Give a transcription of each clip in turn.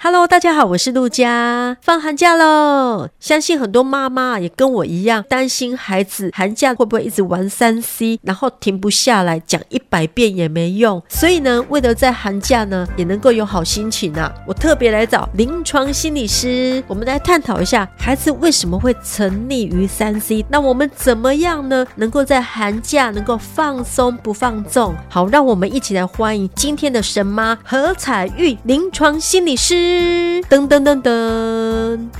哈嘍，大家好，我是陸佳。放寒假嘍，相信很多媽媽也跟我一樣，擔心孩子寒假會不會一直玩 3C，然後停不下來，講一百遍也沒用。所以呢，為了在寒假呢也能夠有好心情啊，我特別來找臨床心理師，我們來探討一下孩子為什麼會沉溺於 3C。那我們怎麼樣呢，能夠在寒假能夠放鬆不放縱？好，讓我們一起來歡迎今天的神媽何采諭臨床心理師。噔噔噔噔。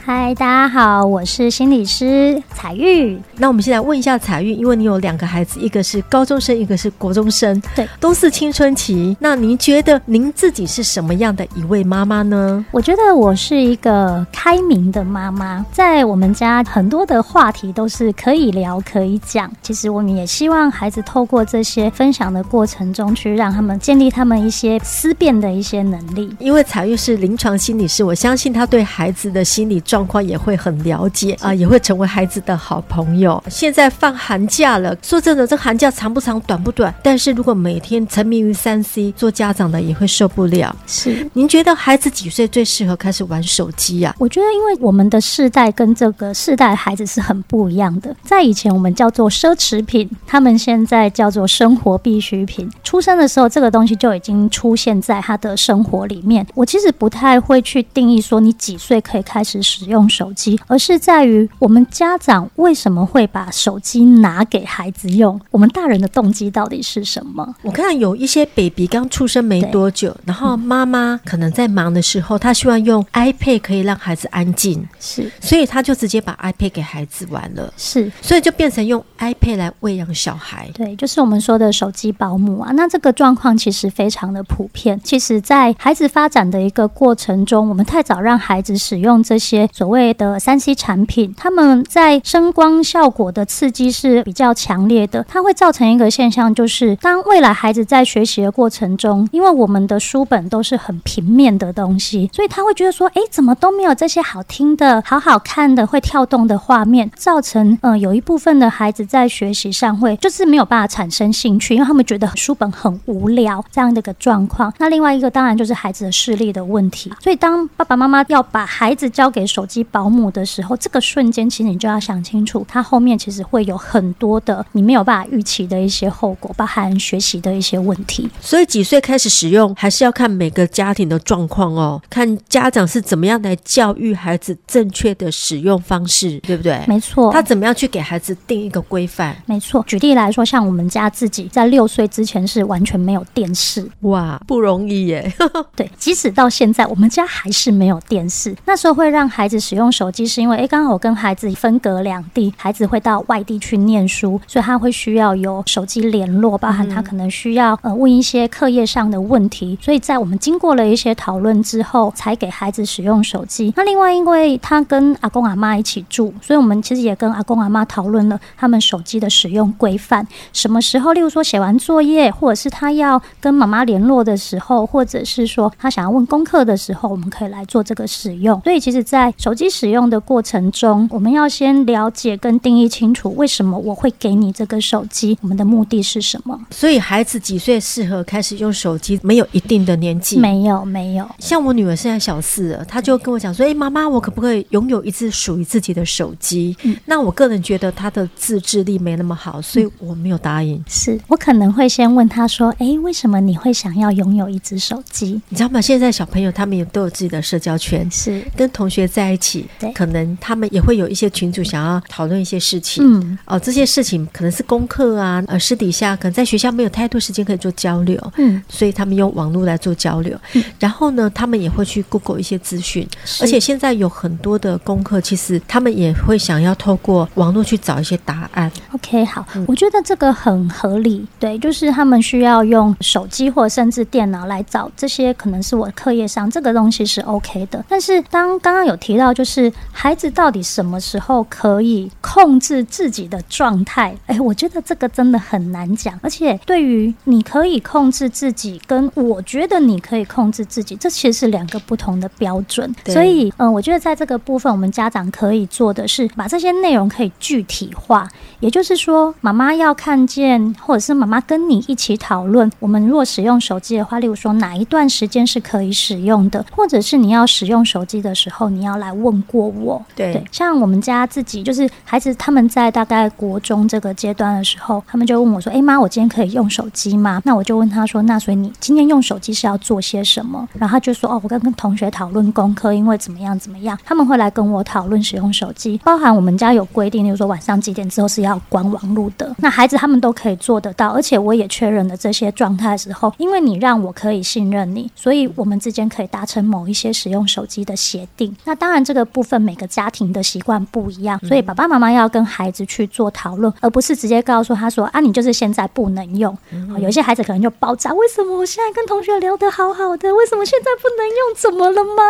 嗨，大家好，我是心理師采諭。那我們先來問一下采諭，因為你有兩個孩子，一個是高中生，一個是國中生，對，都是青春期。那您覺得您自己是什麼樣的一位媽媽呢？我覺得我是一個開明的媽媽，在我們家很多的話題都是可以聊，可以講。其實我們也希望孩子透過這些分享的過程中，去讓他們建立他們一些思辨的一些能力。因為采諭是臨床心理師，我相信她對孩子的心理。心理狀況也會很了解啊，也會成為孩子的好朋友。現在放寒假了，說真的，這寒假長不長短不短。但是如果每天沉迷於 3C，做家長的也會受不了。是，您覺得孩子幾歲最適合開始玩手機啊？我覺得，因為我們的世代跟這個世代孩子是很不一樣的。在以前，我們叫做奢侈品，他們現在叫做生活必需品。出生的時候，這個東西就已經出現在他的生活裡面。我其實不太會去定義說你幾歲可以開始。是使用手機，而是在於我們家長為什麼會把手機拿給孩子用？我們大人的動機到底是什麼？我看有一些 baby 剛出生沒多久，然後媽媽可能在忙的時候，她、嗯、希望用 iPad 可以讓孩子安靜，是，所以他就直接把 iPad 給孩子玩了，是，所以就變成用 iPad 來餵養小孩，對，就是我們說的手機保姆啊。那這個狀況其實非常的普遍。其實，在孩子發展的一個過程中，我們太早讓孩子使用這。些所謂的三 C 產品，他們在聲光效果的刺激是比較強烈的，它會造成一個現象，就是當未來孩子在學習的過程中，因為我們的書本都是很平面的東西，所以他會覺得說，哎，怎麼都沒有這些好聽的、好好看的、會跳動的畫面，造成嗯、呃、有一部分的孩子在學習上會就是沒有辦法產生興趣，因為他們覺得書本很無聊這樣的一個狀況。那另外一個當然就是孩子的視力的問題，所以當爸爸媽媽要把孩子教給手機保姆的時候，這個瞬間其實你就要想清楚，它後面其實會有很多的你沒有辦法預期的一些後果，包含學習的一些問題。所以幾歲開始使用，還是要看每個家庭的狀況哦，看家長是怎麼樣來教育孩子正確的使用方式，對不對？沒錯。他怎麼樣去給孩子定一個規範？沒錯。舉例來說，像我們家自己在六歲之前是完全沒有電視，哇，不容易耶。 對，即使到現在，我們家還是沒有電視。那時候會讓。讓孩子使用手機是因為，欸剛好我跟孩子分隔兩地，孩子會到外地去念書，所以他會需要有手機聯絡，包含他可能需要呃問一些課業上的問題，所以在我們經過了一些討論之後，才給孩子使用手機。那另外，因為他跟阿公阿媽一起住，所以我們其實也跟阿公阿媽討論了他們手機的使用規範，什麼時候，例如說寫完作業，或者是他要跟媽媽聯絡的時候，或者是說他想要問功課的時候，我們可以來做這個使用。所以其實。在手機使用的過程中，我們要先了解跟定義清楚，為什麼我會給你這個手機？我們的目的是什麼？所以孩子幾歲適合開始用手機？沒有一定的年紀，沒有沒有。像我女兒現在小四，她就跟我講說：“哎、欸，媽媽，我可不可以擁有一只屬於自己的手機、嗯？”那我個人覺得她的自制力沒那麼好，所以我沒有答應。嗯、是我可能會先問她說：“哎、欸，為什麼你會想要擁有一只手機？”你知道嗎？現在小朋友他們也都有自己的社交圈，是跟同。同學在一起，對，可能他們也會有一些群組，想要討論一些事情。嗯，哦、呃，這些事情可能是功課啊，呃，私底下可能在學校沒有太多時間可以做交流。嗯，所以他們用網絡來做交流。嗯、然後呢，他們也會去 Google 一些資訊，而且現在有很多的功課，其實他們也會想要透過網絡去找一些答案。OK，好，嗯、我覺得這個很合理。對，就是他們需要用手機或甚至電腦來找這些，可能是我課業上這個東西是 OK 的。但是當剛剛剛有提到，就是孩子到底什麼時候可以控制自己的狀態？哎，我覺得這個真的很難講，而且對於你可以控制自己，跟我覺得你可以控制自己，這其實是兩個不同的標準。對，所以，嗯、呃，我覺得在這個部分，我們家長可以做的是把這些內容可以具體化，也就是說，媽媽要看見，或者是媽媽跟你一起討論。我們如果使用手機的話，例如說哪一段時間是可以使用的，或者是你要使用手機的時候。你要來問過我。對，對，像我們家自己就是孩子，他們在大概國中這個階段的時候，他們就問我說：“誒，媽，我今天可以用手機嗎？”那我就問他說：“那所以你今天用手機是要做些什麼？”然後他就說：“哦，我剛跟同學討論功課，因為怎麼樣怎麼樣。”他們會來跟我討論使用手機，包含我們家有規定，例如說晚上幾點之後是要關網絡的。那孩子他們都可以做得到，而且我也確認了這些狀態的時候，因為你讓我可以信任你，所以我們之間可以達成某一些使用手機的協定。那當然，這個部分每個家庭的習慣不一樣，所以爸爸媽媽要跟孩子去做討論，嗯，而不是直接告訴他說：“啊，你就是現在不能用。”嗯，哦，有一些孩子可能就爆炸：“為什麼我現在跟同學聊得好好的，為什麼現在不能用？怎麼了嗎？”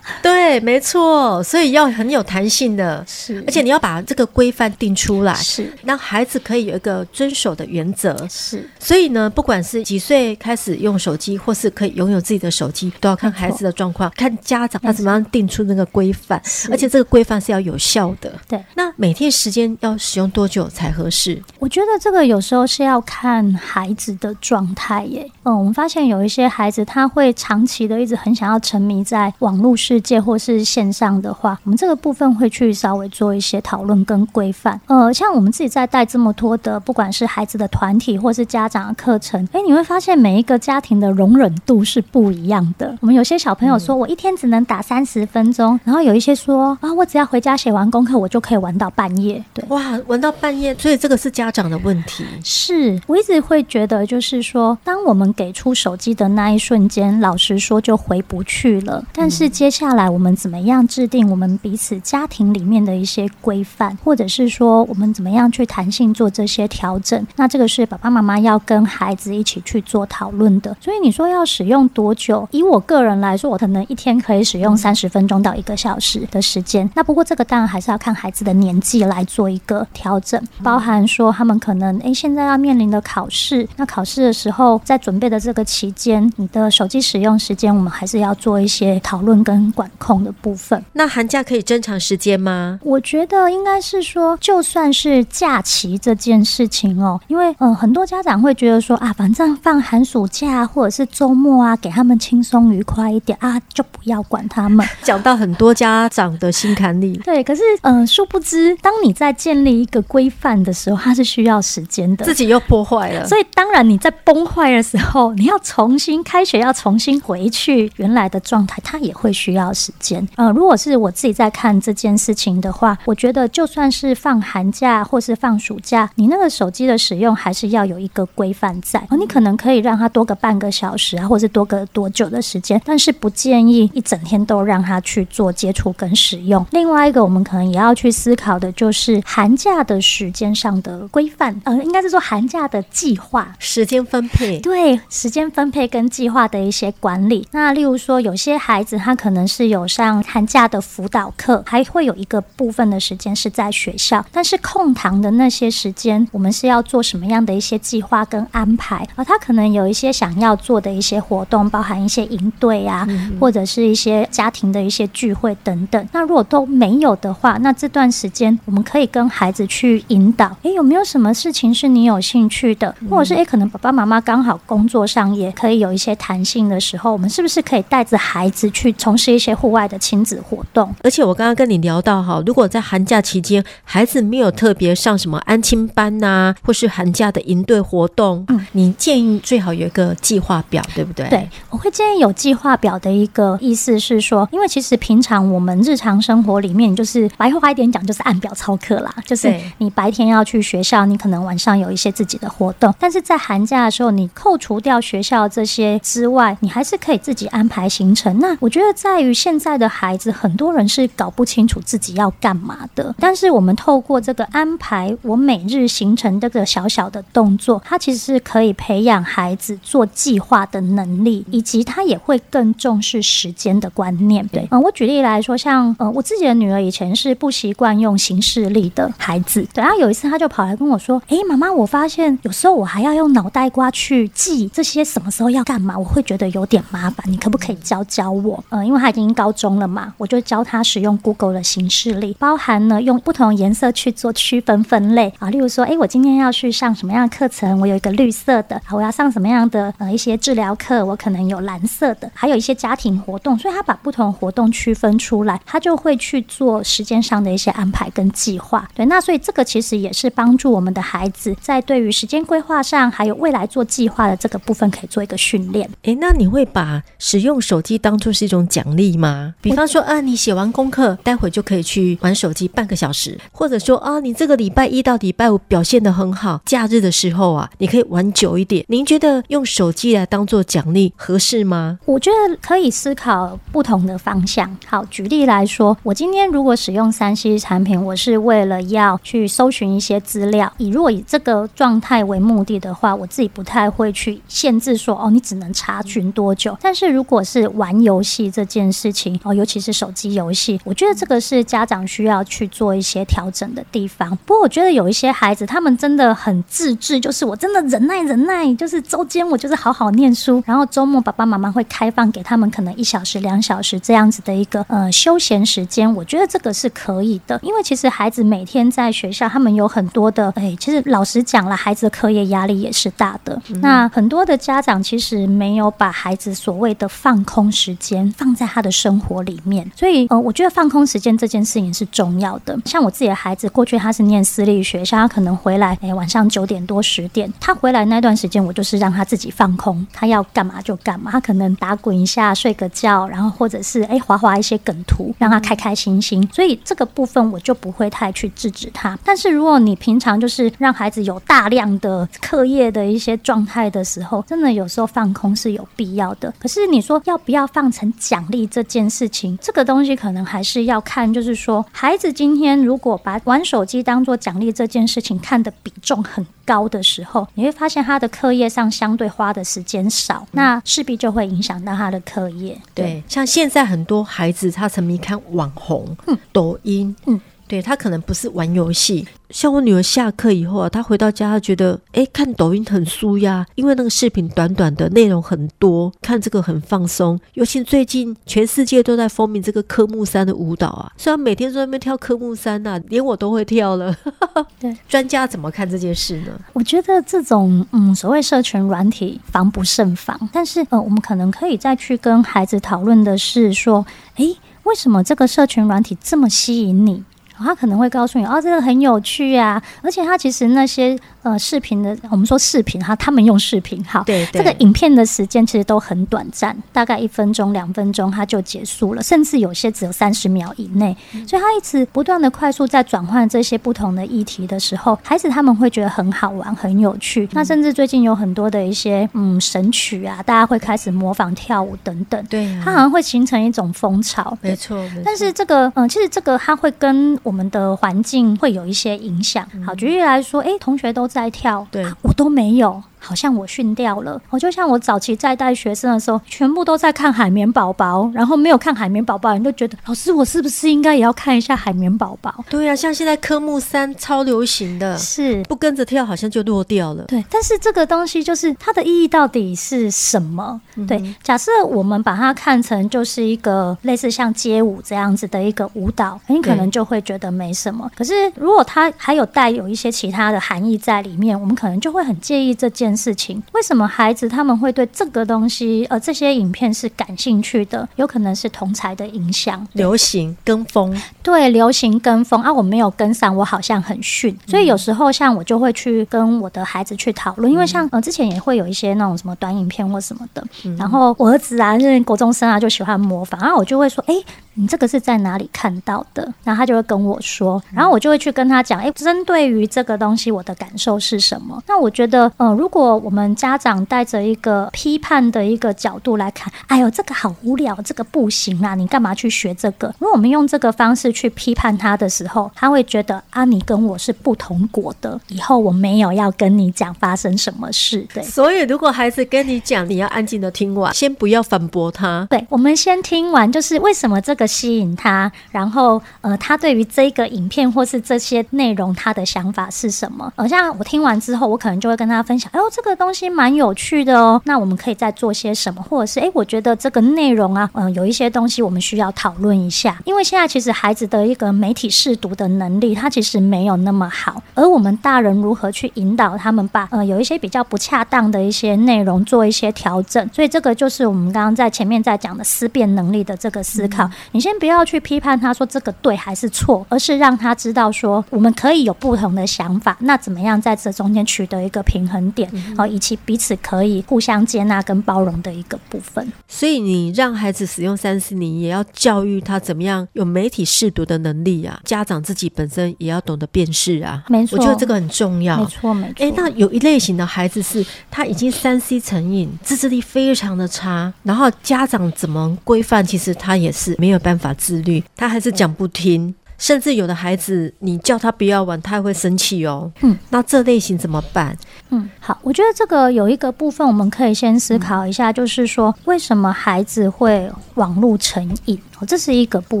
對，沒錯，所以要很有彈性的是，而且你要把這個規範定出來，是，讓孩子可以有一個遵守的原則是，是。所以呢，不管是幾歲開始用手機，或是可以擁有自己的手機，都要看孩子的狀況，看家長他怎麼樣定出那個規範，而且這個規範是要有效的。對，那每天時間要使用多久才合適？我覺得這個有時候是要看孩子的狀態耶。嗯，我們發現有一些孩子他會長期的一直很想要沉迷在網絡世界或是線上的話，我們這個部分會去稍微做一些討論跟規範。呃、嗯，像我們自己在帶這麼多的不管是孩子的團體或是家長的課程，誒，你會發現每一個家庭的容忍度是不一樣的。我們有些小朋友說，我一天只能打三十分鐘，嗯，然後有一些說啊，我只要回家寫完功課，我就可以玩到半夜。對，哇，玩到半夜，所以這個是家長的問題。是，我一直會覺得就是說，當我們給出手機的那一瞬間，老實說就回不去了。但是接下來我們怎麼樣制定我們彼此家庭裡面的一些規範，或者是說我們怎麼樣去彈性做這些調整？那這個是爸爸媽媽要跟孩子一起去做討論的。所以你說要使用多久？以我個人來說，我可能一天可以使用三十分鐘到一個小時的時間。那不過這個當然還是要看孩子的年紀來做一個調整，包含說他們可能誒現在要面臨的考試，那考試的時候再準備。的這個期間，你的手機使用時間，我們還是要做一些討論跟管控的部分。那寒假可以增長時間嗎？我覺得應該是說，就算是假期這件事情哦、喔，因為嗯、呃，很多家長會覺得說啊，反正放寒暑假或者是周末啊，給他們輕鬆愉快一點啊，就不要管他們。講到很多家長的心坎裡。 對，可是嗯、呃，殊不知，當你在建立一個規範的時候，它是需要時間的。自己又破壞了，所以當然你在崩壞的時候。後、哦，你要重新開學，要重新回去原來的狀態，他也會需要時間。呃，如果是我自己在看這件事情的話，我覺得就算是放寒假或是放暑假，你那個手機的使用還是要有一個規範在。呃，你可能可以讓他多個半個小時啊，或是多個多久的時間，但是不建議一整天都讓他去做接觸跟使用。另外一個，我們可能也要去思考的就是寒假的時間上的規範，呃，應該是說寒假的計劃、時間分配，對。時間分配跟計劃的一些管理。那例如說，有些孩子他可能是有上寒假的輔導課，還會有一個部分的時間是在學校。但是空堂的那些時間，我們是要做什麼樣的一些計劃跟安排？而、啊、他可能有一些想要做的一些活動，包含一些營隊啊，嗯嗯或者是一些家庭的一些聚會等等。那如果都沒有的話，那這段時間我們可以跟孩子去引導：哎，有沒有什麼事情是你有興趣的？或者是哎，可能爸爸媽媽剛好工作。工作上也可以有一些彈性的時候，我們是不是可以帶着孩子去從事一些戶外的親子活動？而且我剛剛跟你聊到哈，如果在寒假期間，孩子沒有特別上什麼安親班吶，啊，或是寒假的營隊活動，嗯，你建議最好有一個計劃表，對不對？對，我會建議有計劃表的一個意思是說，因為其實平常我們日常生活裡面，就是白話一點講，就是按表操課啦，就是你白天要去學校，你可能晚上有一些自己的活動，但是在寒假的時候，你扣除。除掉學校這些之外，你還是可以自己安排行程。那我覺得，在於現在的孩子，很多人是搞不清楚自己要幹嘛的。但是，我們透過這個安排，我每日行程這個小小的動作，它其實是可以培養孩子做計劃的能力，以及他也會更重視時間的觀念。對，嗯、呃，我舉例來說，像呃，我自己的女兒以前是不習慣用行事曆的孩子。對，然、啊、後有一次，她就跑來跟我說：“哎、欸，媽媽，我發現有時候我還要用腦袋瓜去記。”這些什麼時候要幹嘛？我會覺得有點麻煩。你可不可以教教我？嗯，因為他已經高中了嘛，我就教他使用 Google 的行事曆，包含呢用不同顏色去做區分分類啊。例如說，哎，我今天要去上什麼樣的課程？我有一個綠色的，我要上什麼樣的呃一些治療課？我可能有藍色的，還有一些家庭活動。所以他把不同的活動區分出來，他就會去做時間上的一些安排跟計劃。對，那所以這個其實也是幫助我們的孩子在對於時間規劃上，還有未來做計劃的這個部分，可以做一個訓練。誒、欸，那你會把使用手機當做是一種獎勵嗎？比方說，啊，你寫完功課，待會就可以去玩手機半個小時；或者說，啊，你這個禮拜一到禮拜五表現得很好，假日的時候啊，你可以玩久一點。您覺得用手機來當做獎勵合適嗎？我覺得可以思考不同的方向。好，舉例來說，我今天如果使用 3C 產品，我是為了要去搜尋一些資料。以如果以這個狀態為目的的話，我自己不太會去。限制說哦，你只能查詢多久？但是如果是玩遊戲這件事情哦，尤其是手機遊戲，我覺得這個是家長需要去做一些調整的地方。不過我覺得有一些孩子他們真的很自制，就是我真的忍耐忍耐，就是周間我就是好好念書，然後周末爸爸媽媽會開放給他們可能一小時兩小時這樣子的一個呃休閒時間，我覺得這個是可以的，因為其實孩子每天在學校他們有很多的誒、哎，其實老實講了，孩子的課業壓力也是大的，那很多。多的家長其實沒有把孩子所謂的放空時間放在他的生活裡面，所以呃，我覺得放空時間這件事情是重要的。像我自己的孩子，過去他是念私立學校，他可能回來誒，晚上九點多十點，他回來那段時間我就是讓他自己放空，他要幹嘛就幹嘛，他可能打滾一下睡個覺，然後或者是誒，滑滑一些梗圖，讓他開開心心。所以這個部分我就不會太去制止他。但是如果你平常就是讓孩子有大量的課業的一些狀態的時候，真的有時候放空是有必要的，可是你說要不要放成獎勵這件事情，這個東西可能還是要看，就是說孩子今天如果把玩手機當做獎勵這件事情看得比重很高的時候，你會發現他的課業上相對花的時間少，那勢必就會影響到他的課業對、嗯。對，像現在很多孩子他沉迷看網紅、抖、嗯、音。嗯對，他可能不是玩遊戲，像我女兒下課以後啊，她回到家，她覺得哎、欸，看抖音很舒壓，因為那個視頻短短的內容很多，看這個很放鬆。尤其最近全世界都在風靡這個科目三的舞蹈啊，雖然每天在那邊跳科目三吶、啊，連我都會跳了。 對，專家怎麼看這件事呢？我覺得這種嗯，所謂社群軟體防不勝防，但是呃，我們可能可以再去跟孩子討論的是說，哎、欸，為什麼這個社群軟體這麼吸引你？他可能會告訴你，啊、哦，這個很有趣啊，而且他其實那些。呃，視頻的我們說視頻哈，他們用視頻哈，好，對，對，對這個影片的時間其實都很短暫，大概一分鐘、兩分鐘它就結束了，甚至有些只有三十秒以內。所以他一直不斷的快速在轉換這些不同的議題的時候，孩子他們會覺得很好玩、很有趣。那甚至最近有很多的一些嗯神曲啊，大家會開始模仿跳舞等等，對它、啊、好像會形成一種風潮，沒錯。但是這個嗯、呃，其實這個它會跟我們的環境會有一些影響。好，舉例來說，哎、欸，同學都在在跳，啊，我都沒有。好像我訓掉了，我就像我早期在帶學生的時候，全部都在看海綿寶寶，然後沒有看海綿寶寶，你就覺得老師，我是不是應該也要看一下海綿寶寶？對呀、啊，像現在科目三超流行的，是不跟着跳好像就落掉了。對，但是這個東西就是它的意義到底是什麼？嗯、對，假設我們把它看成就是一個類似像街舞這樣子的一個舞蹈，很可能就會覺得沒什麼。嗯、可是如果它還有帶有一些其他的含義在裡面，我們可能就會很介意這件。事情，為什麼孩子他們會對這個東西，呃，這些影片是感興趣的？有可能是同才的影響，流行跟風。對，流行跟風啊，我沒有跟上，我好像很遜。所以有時候像我就會去跟我的孩子去討論、嗯，因為像呃之前也會有一些那種什麼短影片或什麼的。嗯、然後我兒子啊，因為國中生啊就喜歡模仿，然後我就會說：“哎、欸，你這個是在哪裡看到的？”然後他就會跟我說，然後我就會去跟他講：“哎、欸，針對於這個東西，我的感受是什麼？”那我覺得呃如果如果我們家長帶着一個批判的一個角度來看，哎呦，這個好無聊，這個不行啊，你幹嘛去學這個？如果我們用這個方式去批判他的時候，他會覺得啊，你跟我是不同國的，以後我沒有要跟你講發生什麼事，對。所以，如果孩子跟你講，你要安靜的聽完，先不要反駁他。對，我們先聽完，就是為什麼這個吸引他，然後呃，他對於這個影片或是這些內容，他的想法是什麼？好、呃、像我聽完之後，我可能就會跟他分享，哎。哦、這個東西蠻有趣的哦，那我們可以再做些什麼，或者是誒，我覺得這個內容啊，嗯、呃，有一些東西我們需要討論一下，因為現在其實孩子的一個媒體識讀的能力，他其實沒有那麼好，而我們大人如何去引導他們把，把呃有一些比較不恰當的一些內容做一些調整，所以這個就是我們剛剛在前面在講的思辨能力的這個思考、嗯。你先不要去批判他說這個對還是錯，而是讓他知道說我們可以有不同的想法，那怎麼樣在這中間取得一個平衡點？以及彼此可以互相接納跟包容的一個部分。所以，你讓孩子使用三 C，你也要教育他怎麼樣有媒體識讀的能力啊。家長自己本身也要懂得辨識啊。沒錯，我覺得這個很重要。沒錯，沒錯。誒，那有一類型的孩子是，他已經三 C 成癮，自制力非常的差，然後家長怎麼規範，其實他也是沒有辦法自律，他還是講不聽。嗯甚至有的孩子，你叫他不要玩，他也會生氣哦。嗯，那這類型怎麼辦？嗯，好，我覺得這個有一個部分，我們可以先思考一下，就是說為什麼孩子會網絡成癮？哦，嗯，這是一個部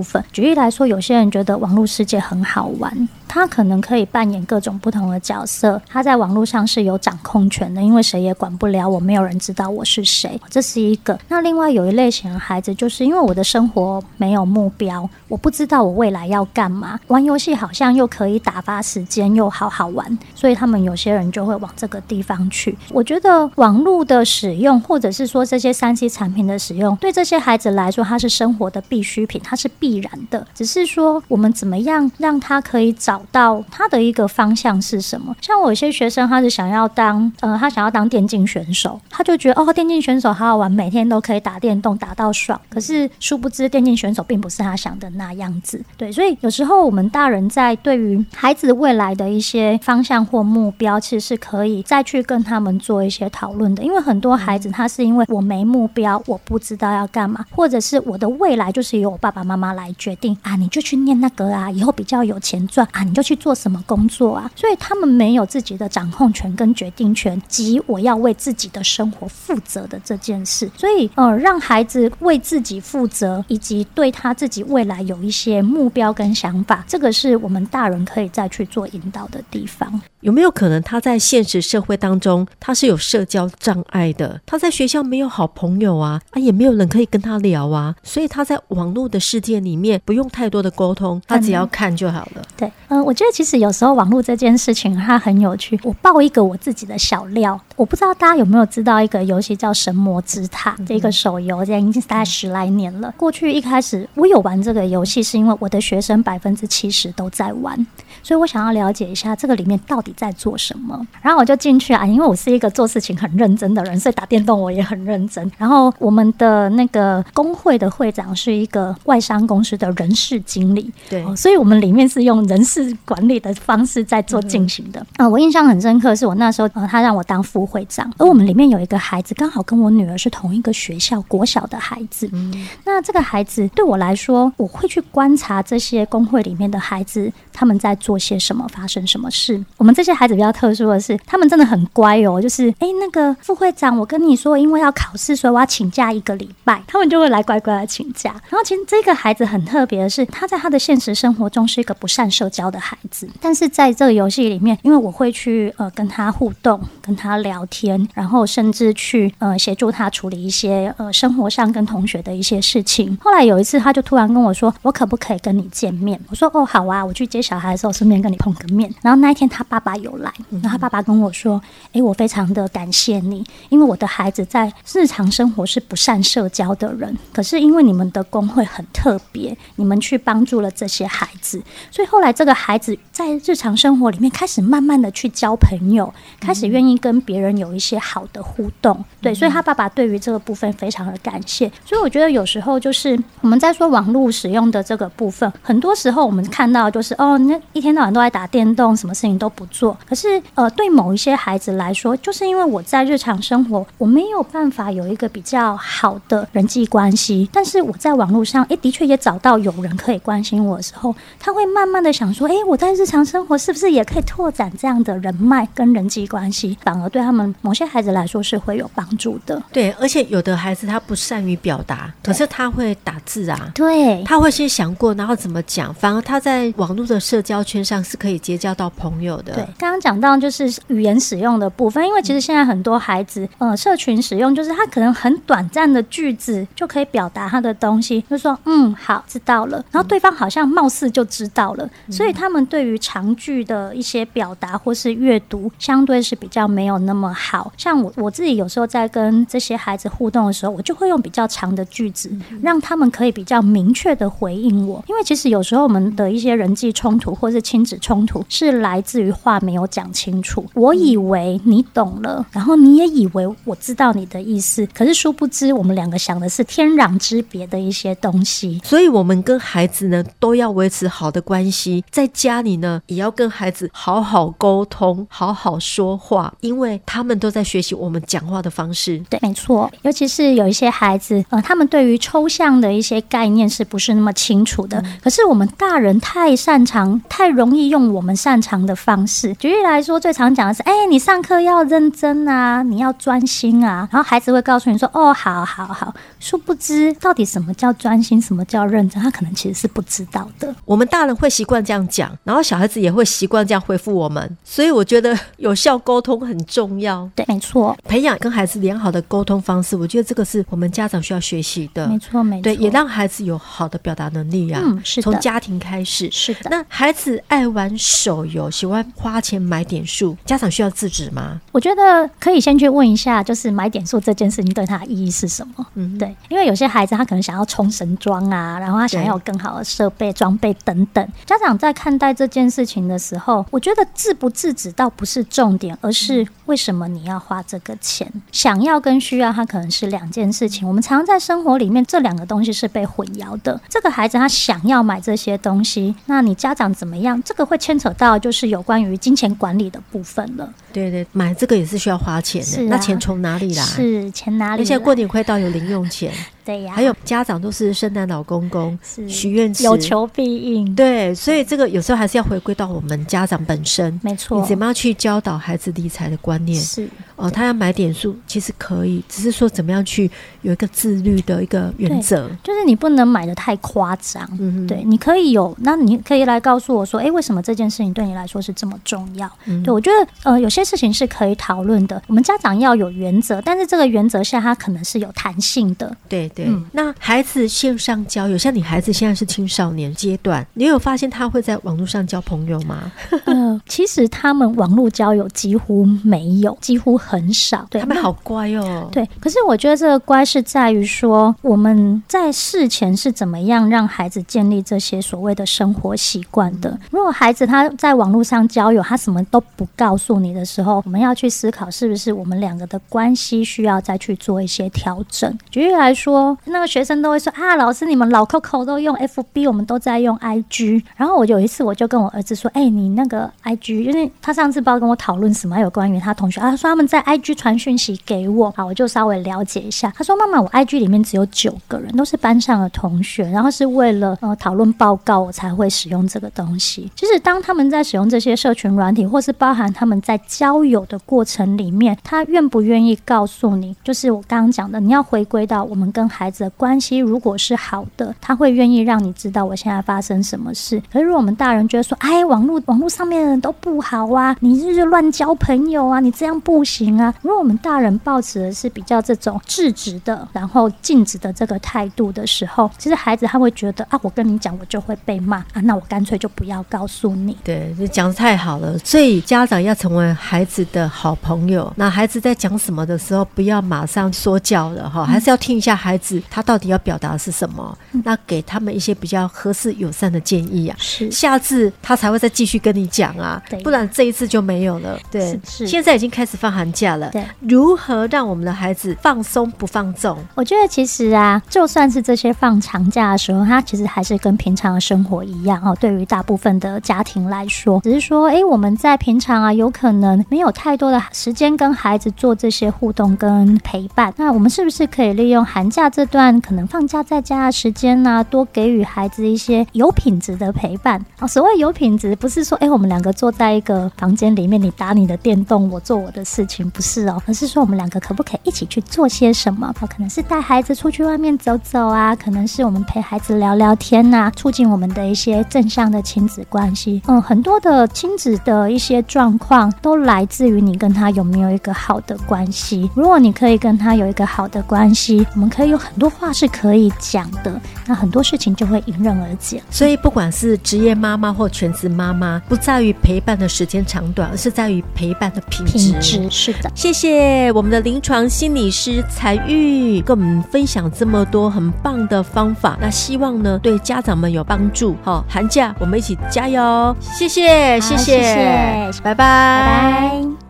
分。舉例來說，有些人覺得網絡世界很好玩。他可能可以扮演各種不同的角色，他在網絡上是有掌控權的，因為誰也管不了我，沒有人知道我是誰。這是一個。那另外有一類型的孩子，就是因為我的生活沒有目標，我不知道我未來要幹嘛，玩遊戲好像又可以打發時間，又好好玩，所以他們有些人就會往這個地方去。我覺得網絡的使用，或者是說這些 3C 產品的使用，對這些孩子來說，它是生活的必需品，它是必然的。只是說我們怎麼樣讓他可以找。找到他的一個方向是什麼？像我有些學生，他是想要當呃，他想要當電競選手，他就覺得哦，電競選手好好玩，每天都可以打電動，打到爽。可是殊不知，電競選手並不是他想的那樣子。對，所以有時候我們大人在對於孩子未來的一些方向或目標，其實是可以再去跟他們做一些討論的。因為很多孩子，他是因為我沒目標，我不知道要幹嘛，或者是我的未來就是由我爸爸媽媽來決定啊，你就去念那個啊，以後比較有錢賺啊。你就去做什麼工作啊？所以他們沒有自己的掌控權跟決定權，即我要為自己的生活負責的這件事。所以，呃，讓孩子為自己負責，以及對他自己未來有一些目標跟想法，這個是我們大人可以再去做引導的地方。有沒有可能他在現實社會當中，他是有社交障礙的？他在學校沒有好朋友啊，啊，也沒有人可以跟他聊啊，所以他在網絡的世界裡面不用太多的溝通，他只要看就好了。嗯，對。嗯我覺得其實有時候網絡這件事情它很有趣，我爆一個我自己的小料。我不知道大家有沒有知道一個遊戲叫《神魔之塔》這個手遊，現在已經大概十來年了。過去一開始我有玩這個遊戲，是因為我的學生百分之七十都在玩，所以我想要了解一下這個裡面到底在做什麼。然後我就進去啊，因為我是一個做事情很認真的人，所以打電動我也很認真。然後我們的那個公會的會長是一個外商公司的人事經理，對，所以我們裡面是用人事管理的方式在做進行的。啊，我印象很深刻，是我那時候呃，他讓我當副。會長，而我們裡面有一個孩子，剛好跟我女兒是同一個學校國小的孩子。嗯。那這個孩子對我來說，我會去觀察這些工會裡面的孩子，他們在做些什麼，發生什麼事。我們這些孩子比較特殊的是，他們真的很乖哦，就是哎、欸，那個副會長，我跟你說，因為要考試，所以我要請假一個禮拜，他們就會來乖乖的請假。然後，其實這個孩子很特別的是，他在他的現實生活中是一個不善社交的孩子，但是在這個遊戲裡面，因為我會去呃跟他互動，跟他聊。聊天，然後甚至去呃協助他處理一些呃生活上跟同學的一些事情。後來有一次，他就突然跟我說：“我可不可以跟你見面？”我說：“哦，好啊，我去接小孩的時候順便跟你碰個面。”然後那一天他爸爸有來，然後他爸爸跟我說：“誒、嗯欸，我非常的感謝你，因為我的孩子在日常生活是不善社交的人，可是因為你們的工會很特別，你們去幫助了這些孩子，所以後來這個孩子在日常生活裡面開始慢慢的去交朋友，開始願意跟別人。”有一些好的互動，對，所以他爸爸對於這個部分非常的感謝。所以我覺得有時候就是我們在說網絡使用的這個部分，很多時候我們看到就是哦，那一天到晚都在打電動，什麼事情都不做。可是呃，對某一些孩子來說，就是因為我在日常生活我沒有辦法有一個比較好的人際關係，但是我在網絡上，欸，的確也找到有人可以關心我的時候，他會慢慢的想說，誒，欸，我在日常生活是不是也可以拓展這樣的人脈跟人際關係？反而對他們。某些孩子來說是會有幫助的，對，而且有的孩子他不善於表達，可是他會打字啊，對，他會先想過然後怎麼講，反而他在網絡的社交圈上是可以結交到朋友的。對，剛剛講到就是語言使用的部分，因為其實現在很多孩子，嗯、呃，社群使用就是他可能很短暫的句子就可以表達他的東西，就說嗯好知道了，然後對方好像貌似就知道了，嗯、所以他們對於長句的一些表達或是閱讀相對是比較沒有那麼。那麼，好像我我自己有時候在跟這些孩子互動的時候，我就會用比較長的句子，讓他們可以比較明確的回應我。因為其實有時候我們的一些人際衝突或是親子衝突，是來自於話沒有講清楚。我以為你懂了，然後你也以為我知道你的意思，可是殊不知我們兩個想的是天壤之別的一些東西。所以，我們跟孩子呢都要維持好的關係，在家裡呢也要跟孩子好好溝通，好好說話，因為。他們都在學習我們講話的方式。對，沒錯，尤其是有一些孩子，呃，他們對於抽象的一些概念是不是那麼清楚的？嗯。可是我們大人太擅長，太容易用我們擅長的方式。舉例來說，最常講的是：哎，你上課要認真啊，你要專心啊。然後孩子會告訴你說：哦，好好好。殊不知，到底什麼叫專心，什麼叫認真，他可能其實是不知道的。我們大人會習慣這樣講，然後小孩子也會習慣這樣回覆我們。所以，我覺得有效溝通很重要。要對，沒錯，培養跟孩子良好的溝通方式，我覺得這個是我們家長需要學習的，沒錯，沒錯，對，也讓孩子有好的表達能力呀、啊。嗯，是的，從家庭開始，是的。那孩子愛玩手遊，喜歡花錢買點數，家長需要制止嗎？我覺得可以先去問一下，就是買點數這件事情對他的意義是什麼？嗯，對，因為有些孩子他可能想要衝神裝啊，然後他想要有更好的設備、裝備等等。家長在看待這件事情的時候，我覺得制不制止倒不是重點，而是為什麼、嗯為什麼，你要花這個錢？想要跟需要，它可能是兩件事情。我們常在生活裡面，這兩個東西是被混淆的。這個孩子他想要買這些東西，那你家長怎麼樣？這個會牽扯到就是有關於金錢管理的部分了。對、對對，買這個也是需要花錢的，啊、那錢從哪裡來？是錢哪裡來？而且過年快到，有零用錢， 對呀、啊，還有家長都是聖誕老公公，許 願有求必應，對，所以這個有時候還是要回歸到我們家長本身， 沒錯，你怎麼樣去教導孩子理財的觀念？是。哦，他要買點數，其實可以，只是說怎麼樣去有一個自律的一個原則，就是你不能買得太誇張。嗯對，你可以有，那你可以來告訴我說，哎、欸，為什麼這件事情對你來說是這麼重要？嗯、對我覺得，呃，有些事情是可以討論的。我們家長要有原則，但是這個原則下，他可能是有彈性的。對對，對、嗯，那孩子線上交友，像你孩子現在是青少年階段，你有發現他會在網絡上交朋友嗎？嗯、 呃，其實他們網絡交友幾乎沒有，幾乎。很少，對。他們好乖哦。對，可是我覺得這個乖是在於說我們在事前是怎麼樣讓孩子建立這些所謂的生活習慣的。嗯。如果孩子他在網絡上交友，他什麼都不告訴你的時候，我們要去思考是不是我們兩個的關係需要再去做一些調整。舉例來說，那個學生都會說啊，老師你們老扣扣都用 FB，我們都在用 IG。然後我有一次我就跟我兒子說，哎、欸，你那個 IG，因為他上次不知道跟我討論什麼還有關於他同學啊，他說他們在。在 IG 傳訊息給我，好，我就稍微了解一下。他說：“媽媽，我 IG 裡面只有九個人，都是班上的同學，然後是為了呃討論報告，我才會使用這個東西。其實當他們在使用這些社群軟體，或是包含他們在交友的過程裡面，他願不願意告訴你？就是我剛剛講的，你要回歸到我們跟孩子的關係，如果是好的，他會願意讓你知道我現在發生什麼事。可是如果我們大人覺得說，哎，網絡網絡上面的人都不好啊，你就是亂交朋友啊，你這樣不行。”啊，如果我們大人抱持的是比較這種制止的，然後禁止的這個態度的時候，其實孩子他會覺得啊，我跟你講，我就會被罵啊，那我乾脆就不要告訴你。對，你講得太好了，所以家長要成為孩子的好朋友。那孩子在講什麼的時候，不要馬上說教了哈，還是要聽一下孩子他到底要表達的是什麼，嗯，那給他們一些比較合適友善的建議啊。是，下次他才會再繼續跟你講啊，對啊，不然這一次就沒有了。對，是，是，現在已經開始放寒假了，對，如何讓我們的孩子放鬆不放縱？我覺得其實啊，就算是這些放長假的時候，他其實還是跟平常的生活一樣。哦，對於大部分的家庭來說，只是說，哎，我們在平常啊，有可能沒有太多的時間跟孩子做這些互動跟陪伴。那我們是不是可以利用寒假這段可能放假在家的時間呢、啊，多給予孩子一些有品質的陪伴？啊、哦，所謂有品質，不是說，哎，我們兩個坐在一個房間裡面，你打你的電動，我做我的事情。不是哦，而是說我們兩個可不可以一起去做些什麼？可能是帶孩子出去外面走走啊，可能是我們陪孩子聊聊天吶、啊，促進我們的一些正向的親子關係。嗯，很多的親子的一些狀況都來自於你跟他有沒有一個好的關係。如果你可以跟他有一個好的關係，我們可以有很多話是可以講的，那很多事情就會迎刃而解。所以，不管是職業媽媽或全職媽媽，不在於陪伴的時間長短，而是在於陪伴的品質。品質。謝謝我們的臨床心理師采諭，跟我們分享這麼多很棒的方法。那希望呢，對家長們有幫助。好，寒假我們一起加油！謝謝，謝謝，謝謝，拜拜。拜拜拜拜。